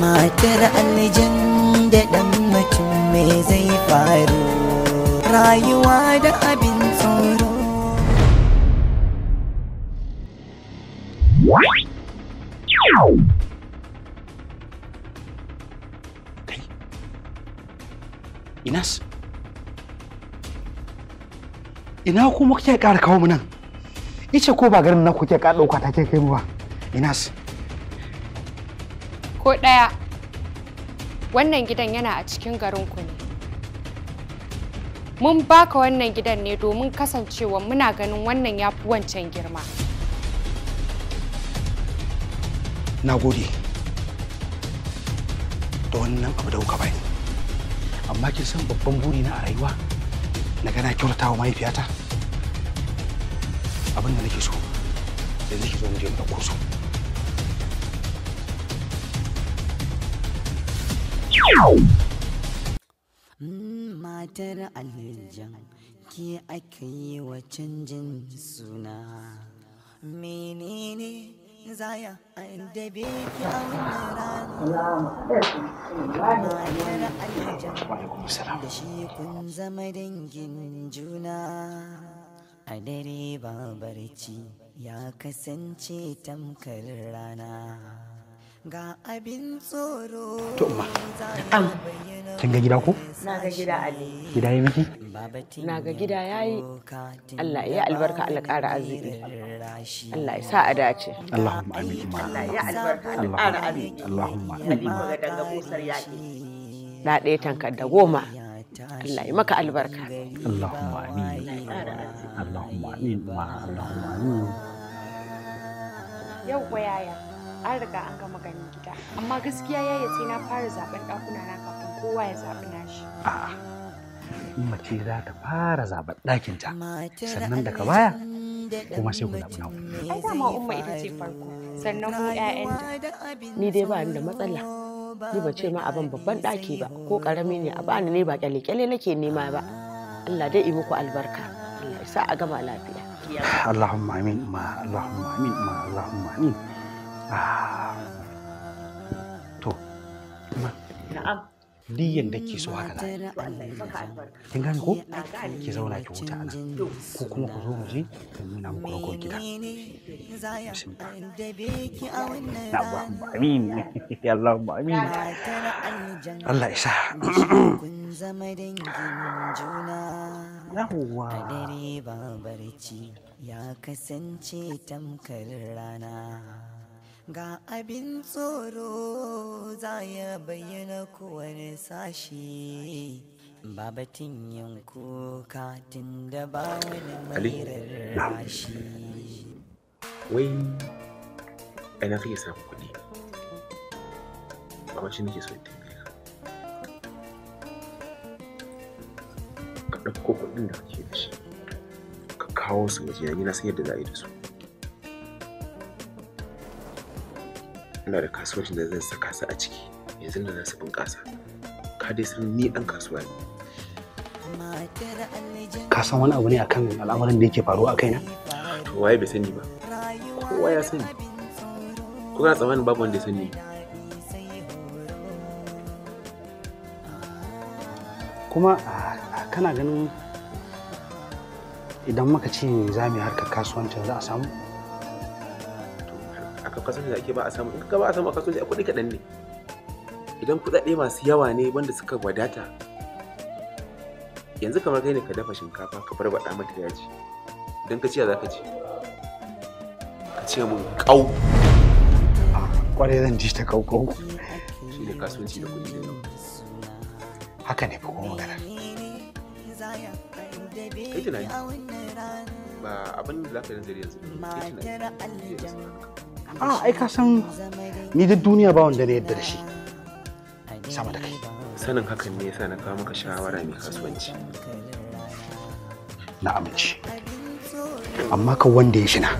matar aljan da dan mutum me zai faru rayuwa da abin tsoro kai inas ina kuma kike ƙara kawo mu nan ice ko ba garin nan kuke ka dauka take kai mu ba inas ko ɗaya wannan gidan yana a cikin garinku ne mun baka wannan gidan ne domin kasancewa muna ganin wannan ya fi wancan girma na gode da wannan abu da kuka bai amma kin san babban na a rayuwa na gana kyautata wa mahaifiyata abin da nake so yanzu ki zo mu je mu ɗauko su Matar aljan ke aka yi wa canjin suna. Menene zaya an dabe ki a wannan da shi kun zama dangin juna. A dare ba barci ya kasance tamkar rana. ga abin tsoro to kin ga gida ko na ga gida ali gida yayi miki na ga gida yayi Allah ya albarka Allah ƙara arziki Allah ya sa a dace Allahumma amin Allah ya albarka Allah ƙara arziki Allahumma amin ga danga busar yaki na ɗaya tankar da goma Allah ya maka albarka Allahumma amin Allahumma amin Allahumma amin yau yaya an riga an gama ganin gida amma gaskiya ya sai na fara zaben dakuna na kafin kowa ya zaɓi nashi a'a mace za ta fara zaben ta sannan daga baya kuma sai ku zaɓi naku ai dama umma ita ce farko sannan mu ƴaƴanta ni dai ba ni da matsala ni ba ce ma abin babban ɗaki ba ko ƙarami ne a bani ne ba ƙyale-ƙyale nake nema ba Allah dai yi muku albarka Allah ya sa a gama lafiya Allahumma amin ma Allahumma amin ma Allahumma amin Ah. to na'am diyan da ke so haka za kin gane ko ki zauna ki huta ana ko kuma ku zo mu je ku nuna muku rago gida amin Allahumma amin Allah isa zama dangin juna yawwa dare ba barci ya kasance tamkar rana ga abin tsoro za ya bayyana kowane sashe babatin yanku katin da ba wani mai rashi wai ana kake samun kuɗi ba shi nake so ita ka ɗauko kuɗin da kake da shi ka kawo su waje na san da za a yi da su ina da kasuwancin da zan saka su a ciki yanzu na za su bunƙasa ka dai san ni ɗan kasuwa ne ka san wani abu ne akan al'amarin da yake faruwa a kaina to waye bai sani ba kowa ya sani ko ka tsammanin babu wanda ya sani kuma kana ganin idan muka ce za mu yi harkar kasuwancin za a samu ka kasuwanci da ake ba a samu in ka ba a samu a kasance a kuɗi kaɗan ne idan kuɗaɗe masu yawa ne wanda suka wadata yanzu kamar kai ne ka dafa shinkafa ka barbaɗa mata yaji idan ka ciya za ka ci ka ce mun ƙau kwarai ah, zan ji ta kau kau shi ne kasuwanci da kuɗi ne haka ne ko kuma magana kai tunani ba abin da za ka nazari yanzu kai tunani a ah, ai ka san ni duk duniya ba wanda ne yadda da shi sama da kai sanin hakan ne yasa na kawo maka shawara mai kasuwanci na amince amma ka wanda ya shina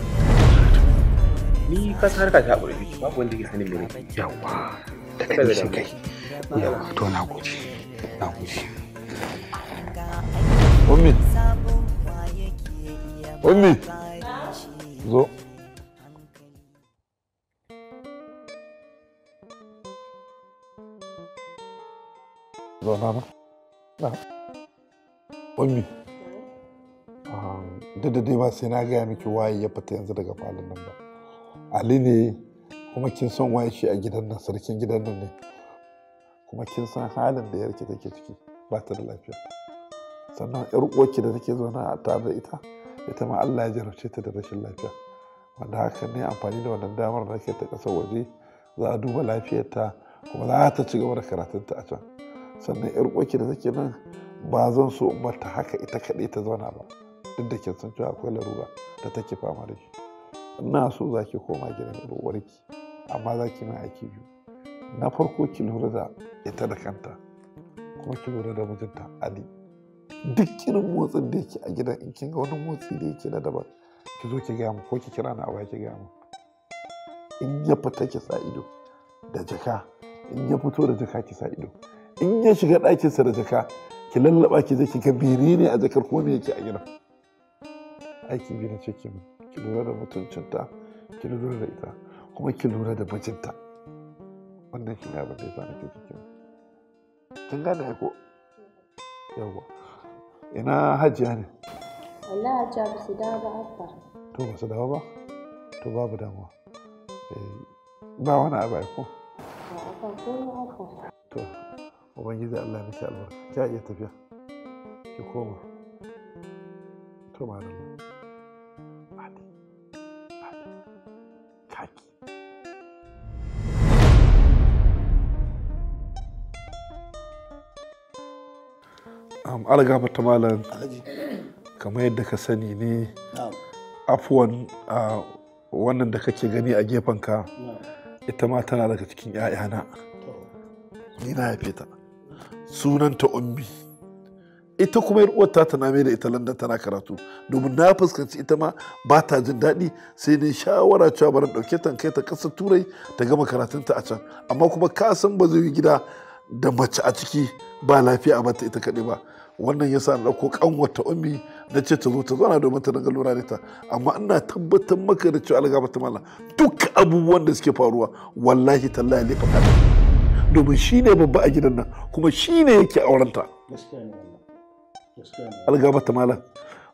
ni ka sa harka ta ɓurfi babu wanda ya sanin mene yawa da kai shi kai yawa to na gode na gode ummi ummi zo Zauna Na. Ummi. Duk da dai ba sai na gaya miki waye ya fita yanzu daga falon nan ba. Ali ne kuma kin san waye shi a gidan nan sarkin gidan nan ne. Kuma kin san halin da yarki take ciki ba ta da lafiya. Sannan yar uwarki da take zauna a tare da ita ita ma Allah ya jarabce ta da rashin lafiya. Wanda haka ne amfani da wannan damar da ke ta ƙasar waje za a duba lafiyarta kuma za ta ci gaba da karatunta a can. sannan yar kwaki da take nan ba zan so in bar ta haka ita kaɗai ta zauna ba duk da kin san cewa akwai larura da take fama da shi ina so za ki koma gidan yar ki, amma za ki mai aiki biyu na farko ki lura da ita da kanta kuma ki lura da mijinta ali duk irin motsin da yake a gidan in kin ga wani motsi da yake na daban ki zo ki gaya mu ko ki kira ni a ki gaya mu in ya fita ki sa ido da jaka in ya fito da jaka ki sa ido in ya shiga ɗakinsa da jaka ki lallaba ki zai kika biri ne a jakar ko me yake a gidan aikin gida ce ki ki lura da mutuncinta ki lura da ita kuma ki lura da bajinta wannan shi ne abin da ya sa nake cikin kin gane ko yawa ina hajiya ne Allah hajiya ba su dawo ba abba to ba su dawo ba to babu damuwa eh, ba wani abu ko ba ko abba ubangiji allah miki albarka ta iya tafiya ki koma to malam hadi hadi kaki ta malam kamar yadda ka sani ne afuwan wannan da kake gani a gefen ka ita ma tana daga cikin 'ya'yana ni na haife ta sunanta ummi ita kuma yar uwar ta mai da ita landan tana karatu domin na fuskanci ita ma ba ta jin daɗi sai ne shawara cewa bari ɗauke ta kai ta ƙasa turai ta gama karatunta a can amma kuma ka san ba zai yi gida da mace a ciki ba lafiya a bata ita kaɗai ba wannan ya sa na ɗauko ƙanwata ummi na ce ta zo ta zauna domin ta daga lura da ta amma ina tabbatar maka da cewa algaba ta mala duk abubuwan da suke faruwa wallahi tallahi laifin domin shi ne babba a gidan nan kuma shi ne yake aurenta algaba ta malam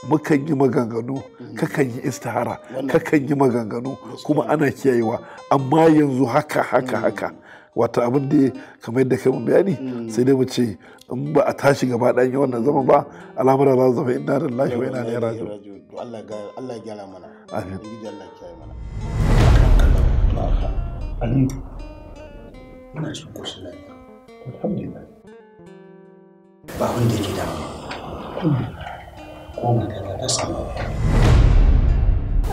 mukan yi maganganu mm-hmm. kakan yi istihara kakan yi maganganu kuma ana kiyayewa amma yanzu haka haka mm-hmm. haka wata abin da kamar yadda kai bayani mm-hmm. sai dai mu ce in ba a tashi gaba ɗan yi wannan zama ba al'amura za su zama inda da lafi wa ina ne ya muna cikin kusa lafiya alhamdulillah ba wanda yake damuwa ko magana ta samu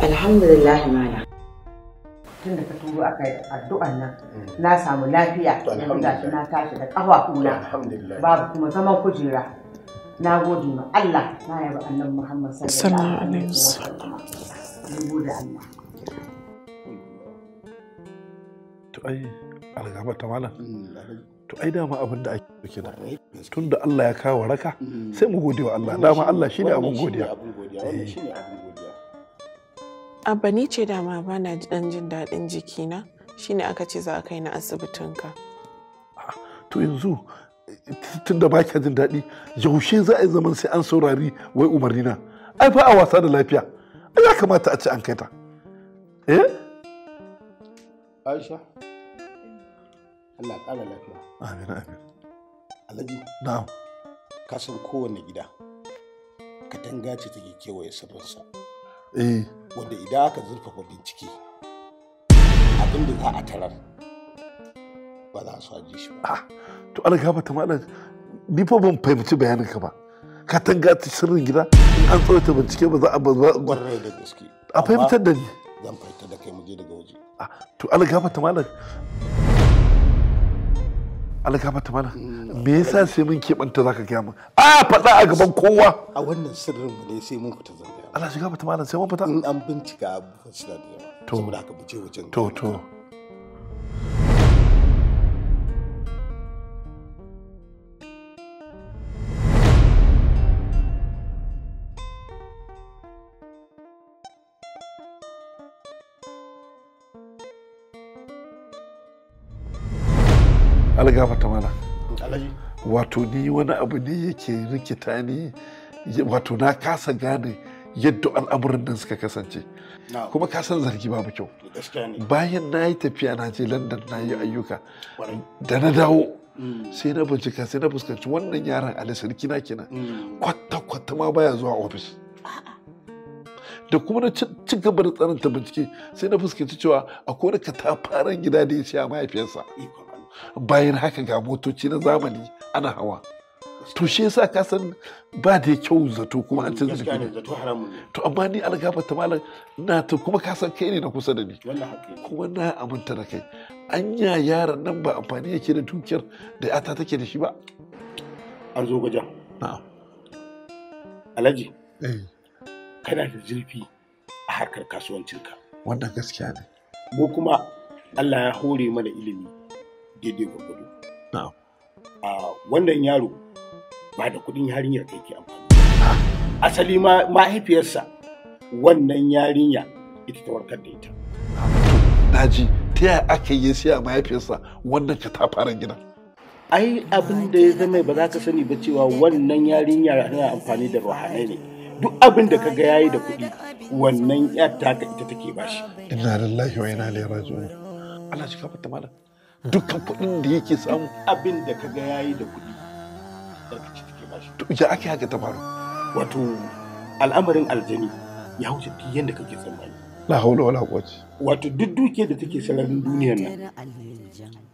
alhamdulillah mana tun da ka turo aka yi addu'an nan mm. na samu lafiya da na tashi da ƙafafuna babu kuma zaman kujera na gode ma Allah na yaba annan Muhammad sallallahu alaihi wasallam mun gode Allah to ai algaba ta malam mm, to ai dama abin da ake kira tun da Allah ya kawo raka mm. sai mu gode wa Allah dama Allah shi ne eh. abin godiya abba ni ce dama ba na dan jin daɗin jikina shine aka ce za a kai na asibitinka ah, to yanzu tun da baki jin daɗi yaushe za a yi zaman sai an saurari wai umarni na ai fa a wasa da lafiya ya kamata a ce an kai ta eh aisha Allah ƙara lafiya. Amin amin. Alhaji. Na'am. Ka san kowane gida katanga ce take kewaye sirrinsa. Eh. Wanda idan aka zurfafa bincike abin da za a tarar ba za a so shi ba. Ah, to ana gafa ta malam ni fa ban fahimci bayanin ka ba. Katanga ta sirrin gida in an tsawaita bincike ba za a ba. Gwarai da gaske. A fahimtar da ni. Zan fahimtar da kai mu je daga waje. Ah, to ana gafa ta malam algaba ta mana me yasa sai mun keɓanta za ka gaya min a faɗa a gaban kowa a wannan sirrin ne sai mun fita zanga Ala shiga ba ta mana sai mun fita in an bincika abubuwan suna da yawa saboda haka mu je wajen to to gafarta mana wato ni wani abu ne yake rikita ni wato na kasa gane yadda al'amuran nan suka kasance kuma ka san zargi babu kyau bayan na yi tafiya na je london na yi ayyuka da na dawo mm. sai na bincika sai na fuskanci wannan yaron ali sarki na kenan mm. kwata kwata ma baya zuwa ofis da kuma na ci gaba da tsananta bincike sai na fuskanci cewa akwai wani katafaren gida da ya siya mahaifiyarsa bayan haka ga motoci na zamani ana hawa to shi yasa ka san ba da kyau zato kuma an ce zato. ne to amma ni algaba ta malam na ta kuma ka san kai ne na kusa da ni kuma na aminta da kai anya yaran nan ba amfani yake da dukiyar da yata take da shi ba an zo gajan alhaji eh. kana da zurfi a harkar kasuwancinka wannan gaskiya ne mu kuma Allah ya hore mana ilimi daidai gwargwado wannan yaro ba da kudin yarinyar da yake amfani asali mahaifiyarsa wannan yarinya ita ta warkar da ita daji ta yaya ake yi siya mahaifiyarsa wannan ka ta fara gidan ai abin da ya zama ba za ka sani ba cewa wannan yarinya tana amfani da ruhanai ne duk abin da ga yayi da kuɗi wannan yar taka ita take bashi inna lillahi wa inna ilaihi raji'un Allah shi ka fata malam dukkan kuɗin da yake samu abin da ka kaga yayi da kuɗi daga ciki bashi to ya ake haka ta faru wato al'amarin aljani ya wuce duk yanda kake tsammani la haula wala quwwata wato duk dukiyar da take sararin duniyar nan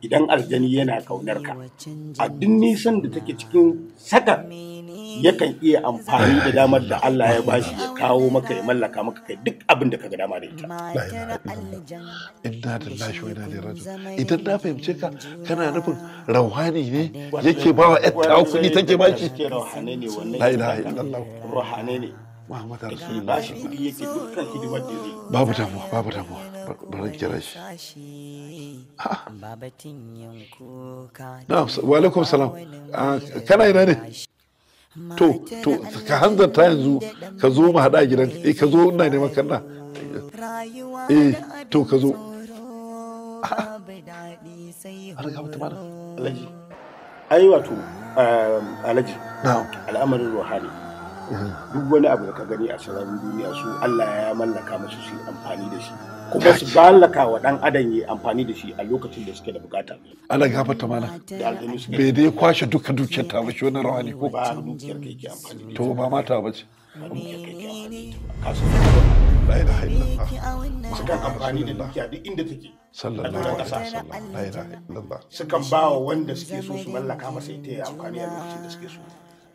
idan aljani yana kaunar ka a duk nisan da take cikin saka yakan iya amfani da damar da Allah ya bashi ya kawo maka ya mallaka maka kai duk abin da kaga dama da ita inna lillahi wa inna ilaihi raji'un idan na fahimce ka kana nufin rauhani ne yake bawa ƴatta kuɗi take baki la ilaha illallah rauhani ne Muhammad Rasulullah ba shi kuɗi yake dukkan hidimar da zai babu damuwa babu damuwa bari kira shi ah. wa alaikum salam ah, kana ina ne to to ka hanzarta yanzu ka zo mu haɗa gidan eh ka zo ina neman kanna eh to ka zo ah. alhaji ai wato um, alhaji al'amarin ruhani duk wani abu da ka gani a sararin duniya su Allah ya mallaka musu su amfani da shi kuma su mallaka wa dan adam ya amfani da shi a lokacin da suke da bukata Allah ya ta mala bai dai kwashe duka dukiyar ta ba shi wani rawani ko ba dukiyar kai ke amfani da to ba mata ba ce sukan amfani da dukiya duk inda take sallallahu alaihi wasallam sukan ba wa wanda suke so su mallaka masa ita ya amfani a lokacin da suke so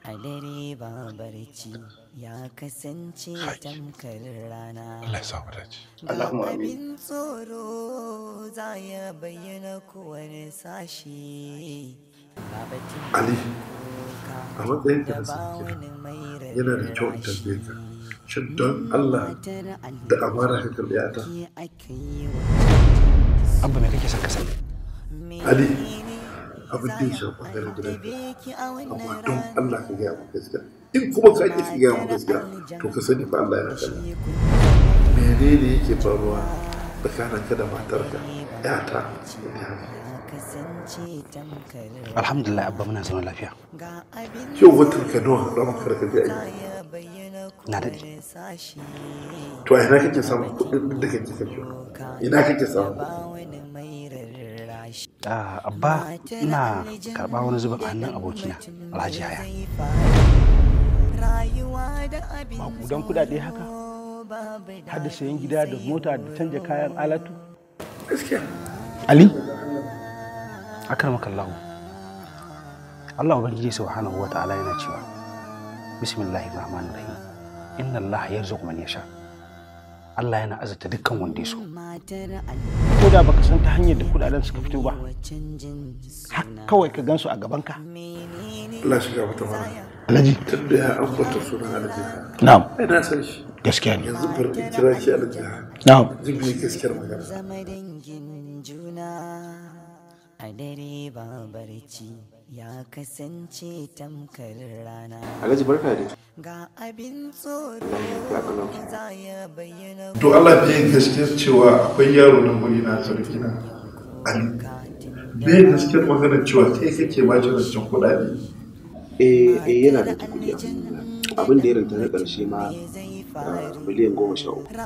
a dare ba barci ya kasance tamkar rana ga abin tsoro za ya bayyana kowane sashi Ali, a matsayin ka yana da kyau in tambaye ka shin don Allah da amara ka ta. Abba me kake son ka sani? Ali, abin da ya shafi ganin gidanka amma don Allah ka gaya mu gaskiya in kuma ka ƙi gaya mu gaskiya to ka sani fa Allah yana kallon menene yake faruwa tsakaninka da matarka ƴata alhamdulillah abba muna zama lafiya yau watan ka nawa ramar karka ga aiki na daɗi to a ina kake samun kuɗin da kake kake ina kake samun kuɗin Ah, abba ina karɓa wani zubin hannun abokina alhaji haya makudan kudade haka har sayan gida da mota da canja kayan alatu gaskiya ali akar makallahu Allah ubangiji subhanahu wa ta'ala yana cewa bismillahi rahmanir rahim inna allaha yarzuqu ya sha. Allah yana azata dukkan wanda ya so. Ko da baka san ta hanyar da kudaden suka fito ba, kawai ka gansu a gaban ka. Allah shi gaba ta mana. Alhaji. Tunda ya ambata sunan Alhaji. Na'am. Ai na san shi. Gaskiya ne. Yanzu bari in kira shi Alhaji. Na'am. Jibi gaskiyar magana. Zama dangin juna a dare ba barci. ya kasance tamkar rana alhaji barka da ga abin tsoro za ya bayyana to Allah bai gaske cewa akwai yaro nan guri na sarkina ali bai gaske magana cewa kai kake ba shi rancen kuɗaɗe eh eh yana da kuɗi abin da ya rinta na ƙarshe ma ah, miliyan goma sha uku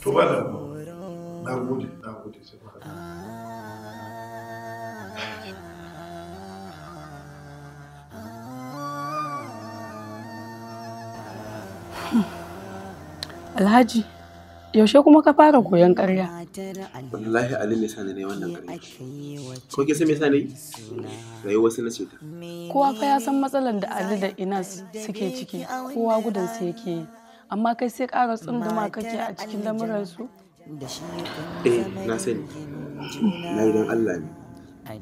to ba da na gode na gode sai mu haɗu Alhaji, yaushe kuma ka fara koyon ƙarya? Wallahi Ali me sani ne wannan ƙarya. Ko ke san me sani? Rayuwar wasu na ce Kowa fa ya san matsalar da Ali da Inas suke ciki, kowa gudan su yake yi. Amma kai sai ƙara tsunduma kake a cikin lamuransu. eh na sani na yi don Allah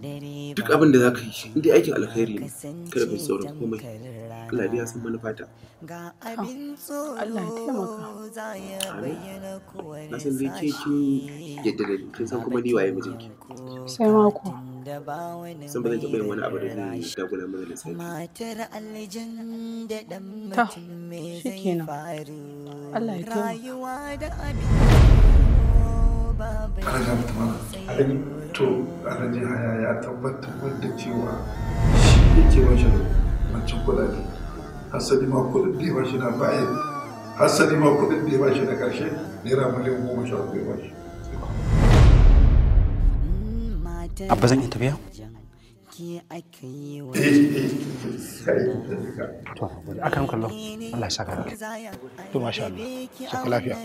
ne duk abin da za ka yi shi inda aikin alkhairi ne kada ka tsoron komai Allah ya san manufata ah, Allah ya taimaka na san zai ce kin yadda da kin san kuma ni waye mijinki sai ma ku san ba zan taɓa yin wani abu da zai dagula mana da sai ta Shi kenan. Allah ya taimaka alaga mutum alaji to alaji haya ya tabbatar da cewa shi yake washe wancan kudade hasali ma kudin da ya washe na bayan hasali ma kudin da ya washe na karshe naira miliyan goma sha hudu ya washe abba zan iya tafiya eh, eh, eh, ke aka yi wa to akan kallon Allah ya saka to masha Allah lafiya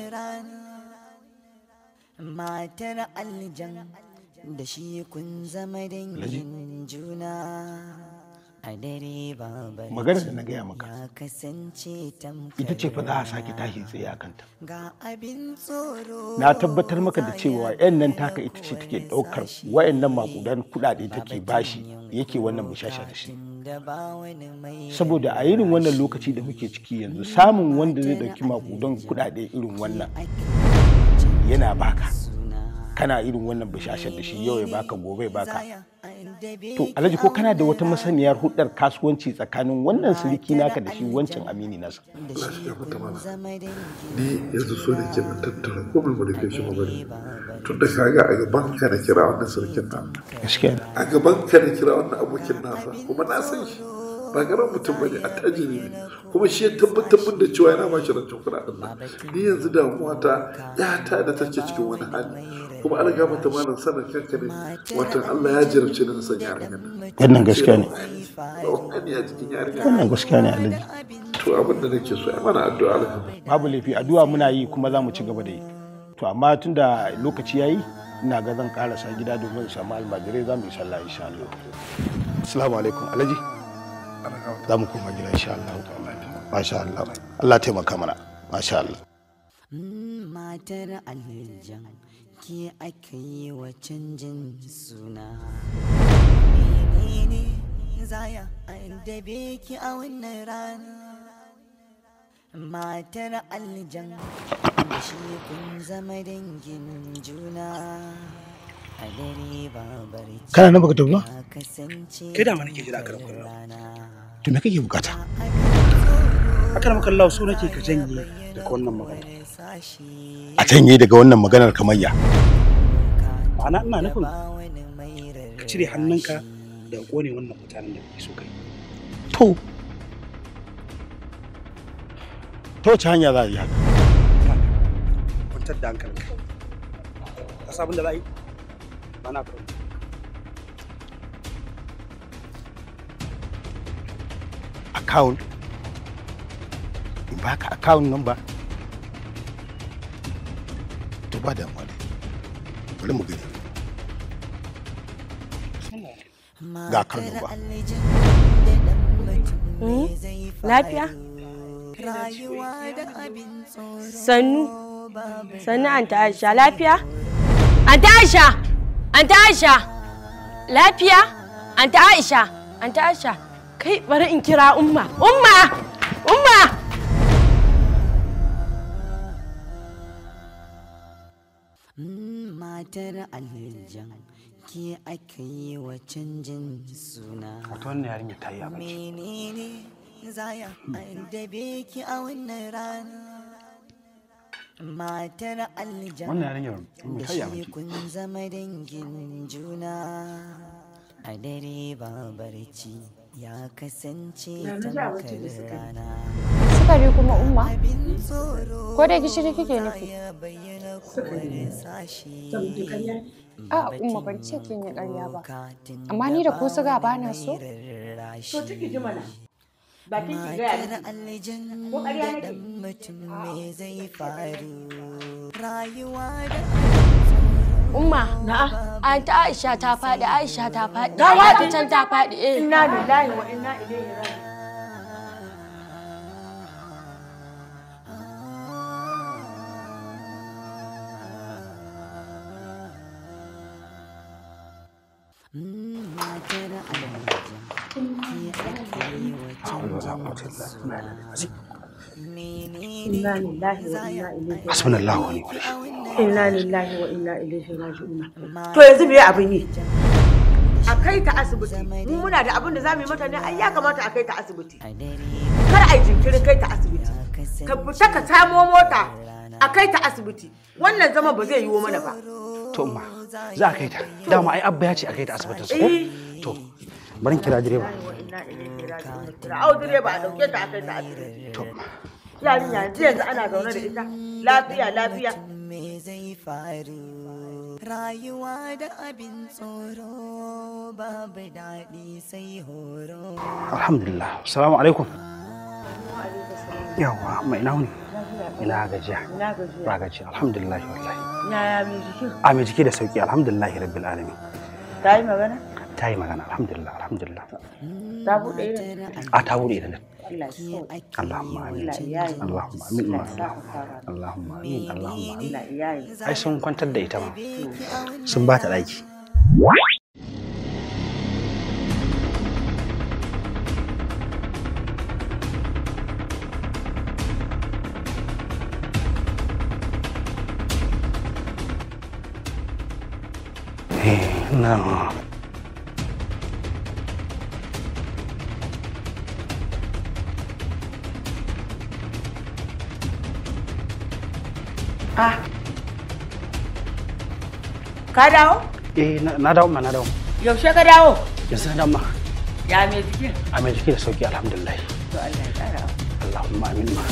matar aljan da shi kun zama dangin juna a dare magana da na gaya maka kasance ita ce fa a sake tashi tsaye a kanta ga abin tsoro na tabbatar maka da cewa yan nan taka ita ce take daukar wayannan makudan kudade take bashi yake wannan mushasha da shi saboda a irin wannan lokaci da muke ciki yanzu samun wanda zai dauki makudan kudade irin wannan yana baka kana irin wannan bishashar da shi yau ya baka gobe ya baka to alhaji ko kana da wata masaniyar hudar kasuwanci tsakanin wannan siriki naka da shi wancan amini nasa ni yanzu so da ke tattara ko mu da kai shi mu bari tun da kaga a gaban ka da kira wannan sirikin nasa gaskiya a gaban ka da kira wannan abokin nasa kuma na san shi ba gara mutum ba ne a tajini ne kuma shi ya tabbatar da cewa yana ba shi rancen kuɗaɗen nan ni yanzu damuwa ta yata da take cikin wani hali kuma an gama ta nan sanar kanka ne watan Allah ya jarabce ni na san yarinyar nan wannan gaskiya ne wannan ya gaskiya ne alaji to abin da nake so ai mana addu'a alhamdulillah babu laifi addu'a muna yi kuma za mu ci gaba da yi to amma tunda lokaci yayi ina ga zan karasa gida domin samu almajirai za mu yi sallah insha Allah assalamu alaikum alaji. za mu koma gida insha Allah masha Allah Allah taimaka mana masha Allah mm, matar aljan ke aka yi wa canjin suna menene zaya an be ki a wannan rana matar aljan shi kun zama dangin juna kana nan baka tafi ba kai da mana ke jira karan kullum to me kake bukata akan maka Allah so nake ka janye daga wannan magana a janye daga wannan maganar kamayya ana ina nufin ka cire hannunka da kone wannan mutanen da kake so kai to to ta hanya za a yi haka kwantar da hankalinka ka sabon da za a yi buena pregunta. Account. In account number. To ba damuwa dai. Bari mu gani. Ga account number. Hmm? Lafiya? Sannu. Sannu an Aisha lafiya? An Aisha! Anta Aisha, lafiya? Anta Aisha, Anta Aisha, kai bari in kira Umma. Umma! Umma! Matar aljan ke aka yi wa canjin suna. Wato wannan yarinya ta yi abinci. Menene zaya an dabe ki a wannan rana? matar aljan da shi kun zama dangin juna a dare ba barci ya kasance tamkar rana sukari kuma umma ko da gishiri kike nufi a umma ban ce kun yi karya ba amma ni da ko suga ba na so to take ji mana bakin ki ko me zai faru rayuwa da Umma, na'a. An ta Aisha ta faɗi, Aisha ta faɗi. ga wata can ta faɗi. Eh. Inna lillahi wa inna ilaihi raji'un. I mm, wa inna lillahi wa inna ilaihi hasbunallahu wa ni'mal wakil inna raji'un to yanzu me abin yi a kai ta asibiti mu muna da abin da zamu yi mata ne ai ya kamata a kai ta asibiti kar a jinkirin kai ta asibiti ka fita ka samo mota a kai ta asibiti wannan zama ba zai yi wa mana ba to ma za a kai ta dama ai abba ya ce a kai ta asibitin eh. to bari kira direba inna ilaihi da ita lafiya lafiya rayuwa da abin tsoro babu daɗi sai horo alhamdulillah assalamu alaikum yawa mai nauni ina gajiya ba gajiya alhamdulillah wallahi yaya mai jiki a ah, mai jiki da sauki alhamdulillah rabbil alamin ta yi magana ta yi magana alhamdulillah alhamdulillah ta buɗe a ah, ta buɗe da Allahumma amin Allahumma amin Allahumma amin Allahumma amin ai sun kwantar da ita ma sun ba ta ɗaki eh, no. Ka dawo? Eh na dawo ma na dawo. Yaushe ka dawo? Yanzu na ma. Ya me jiki? A me jiki da sauki alhamdulillah. To Allah ya kara. Allahumma amin ma.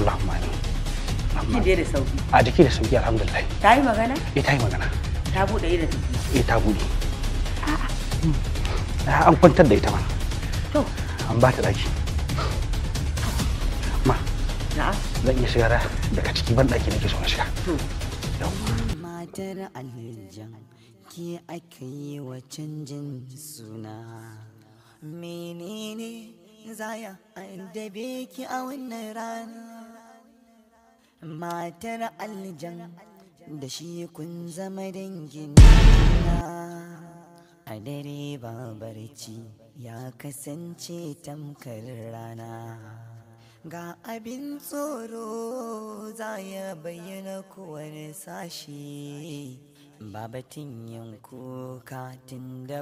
Allahumma amin. Jiki dai da sauki. A jiki da sauki alhamdulillah. Ta yi magana? Eh ta yi magana. Ta bude ido ta. Eh ta bude. a ah, An kwantar da ita ma. To. An ba ta daki. Ma. Na'am. Zan iya shiga ka ciki ban daki nake so na shiga. To. matar aljan ke aka yi wa canjin suna menene zaya addabe ki a wannan rana matar aljan da shi kun zama dangin a dare babarci barci ya kasance tamkar rana ga abin tsoro za ya bayyana kowane sashi babatin yin kuka tun da